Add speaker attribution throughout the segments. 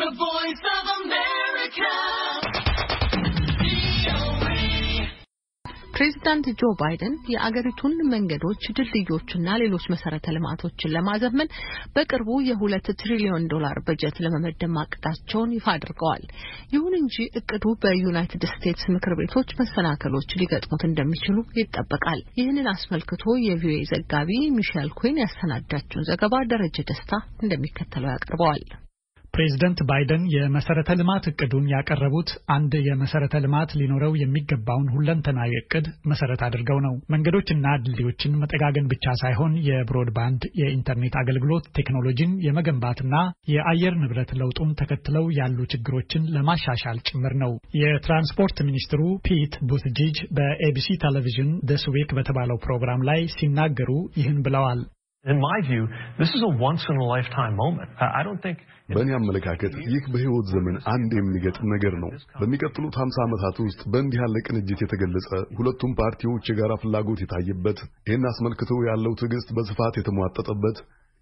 Speaker 1: The Voice of America. ፕሬዚዳንት ጆ ባይደን የአገሪቱን መንገዶች፣ ድልድዮችና ሌሎች መሰረተ ልማቶችን ለማዘመን በቅርቡ የሁለት ትሪሊዮን ዶላር በጀት ለመመደብ ማቀዳቸውን ይፋ አድርገዋል። ይሁን እንጂ እቅዱ በዩናይትድ ስቴትስ ምክር ቤቶች መሰናከሎች ሊገጥሙት እንደሚችሉ ይጠበቃል። ይህንን አስመልክቶ የቪኦኤ ዘጋቢ ሚሼል ኩዊን ያሰናዳችውን ዘገባ ደረጀ ደስታ እንደሚከተለው ያቀርበዋል። ፕሬዝደንት
Speaker 2: ባይደን የመሰረተ ልማት እቅዱን ያቀረቡት አንድ የመሰረተ ልማት ሊኖረው የሚገባውን ሁለንተናዊ እቅድ መሰረት አድርገው ነው። መንገዶችና ድልድዮችን መጠጋገን ብቻ ሳይሆን የብሮድባንድ የኢንተርኔት አገልግሎት ቴክኖሎጂን የመገንባትና የአየር ንብረት ለውጡን ተከትለው ያሉ ችግሮችን ለማሻሻል ጭምር ነው። የትራንስፖርት ሚኒስትሩ ፒት ቡትጂጅ በኤቢሲ ቴሌቪዥን ደስ በተባለው ፕሮግራም ላይ ሲናገሩ ይህን ብለዋል። In my view, this
Speaker 3: በእኔ አመለካከት ይህ በህይወት ዘመን አንድ የሚገጥም ነገር ነው። በሚቀጥሉት 50 ዓመታት ውስጥ በእንዲህ ያለ ቅንጅት የተገለጸ ሁለቱም ፓርቲዎች የጋራ ፍላጎት የታየበት ይህን አስመልክቶ ያለው ትዕግስት በስፋት የተሟጠጠበት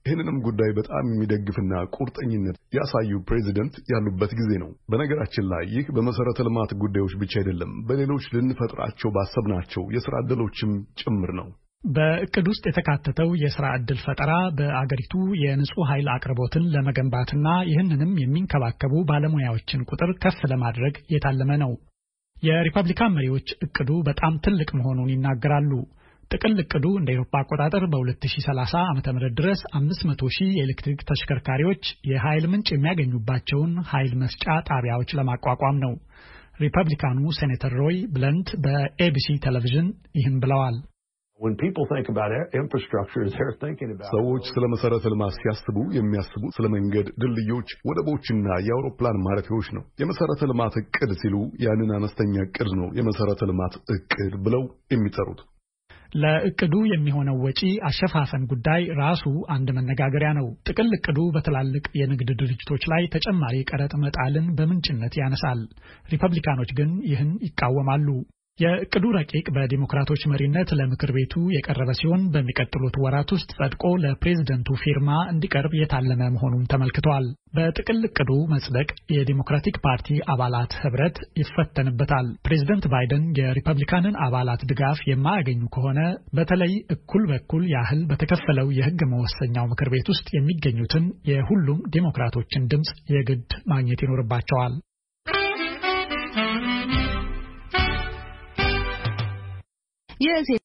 Speaker 3: ይህንንም ጉዳይ በጣም የሚደግፍና ቁርጠኝነት ያሳዩ ፕሬዚደንት ያሉበት ጊዜ ነው። በነገራችን ላይ ይህ በመሰረተ ልማት ጉዳዮች ብቻ አይደለም፣ በሌሎች ልንፈጥራቸው ባሰብናቸው የሥራ ዕድሎችም ጭምር ነው።
Speaker 2: በእቅድ ውስጥ የተካተተው የስራ ዕድል ፈጠራ በአገሪቱ የንጹህ ኃይል አቅርቦትን ለመገንባትና ይህንንም የሚንከባከቡ ባለሙያዎችን ቁጥር ከፍ ለማድረግ የታለመ ነው። የሪፐብሊካን መሪዎች እቅዱ በጣም ትልቅ መሆኑን ይናገራሉ። ጥቅል እቅዱ እንደ ኤሮፓ አቆጣጠር በ2030 ዓ ም ድረስ 500 ሺህ የኤሌክትሪክ ተሽከርካሪዎች የኃይል ምንጭ የሚያገኙባቸውን ኃይል መስጫ ጣቢያዎች ለማቋቋም ነው። ሪፐብሊካኑ ሴኔተር ሮይ ብለንት በኤቢሲ ቴሌቪዥን ይህን ብለዋል።
Speaker 3: ሰዎች ስለ መሠረተ ልማት ሲያስቡ የሚያስቡት ስለ መንገድ፣ ድልድዮች፣ ወደቦችና የአውሮፕላን ማረፊያዎች ነው። የመሠረተ ልማት እቅድ ሲሉ ያንን አነስተኛ ዕቅድ ነው የመሠረተ ልማት እቅድ ብለው የሚጠሩት።
Speaker 2: ለእቅዱ የሚሆነው ወጪ አሸፋፈን ጉዳይ ራሱ አንድ መነጋገሪያ ነው። ጥቅል እቅዱ በትላልቅ የንግድ ድርጅቶች ላይ ተጨማሪ ቀረጥ መጣልን በምንጭነት ያነሳል። ሪፐብሊካኖች ግን ይህን ይቃወማሉ። የእቅዱ ረቂቅ በዲሞክራቶች መሪነት ለምክር ቤቱ የቀረበ ሲሆን በሚቀጥሉት ወራት ውስጥ ጸድቆ ለፕሬዝደንቱ ፊርማ እንዲቀርብ የታለመ መሆኑን ተመልክቷል። በጥቅል እቅዱ መጽደቅ የዲሞክራቲክ ፓርቲ አባላት ህብረት ይፈተንበታል። ፕሬዝደንት ባይደን የሪፐብሊካንን አባላት ድጋፍ የማያገኙ ከሆነ በተለይ እኩል በኩል ያህል በተከፈለው የህግ መወሰኛው ምክር ቤት ውስጥ የሚገኙትን የሁሉም ዲሞክራቶችን ድምፅ የግድ ማግኘት ይኖርባቸዋል።
Speaker 1: Yes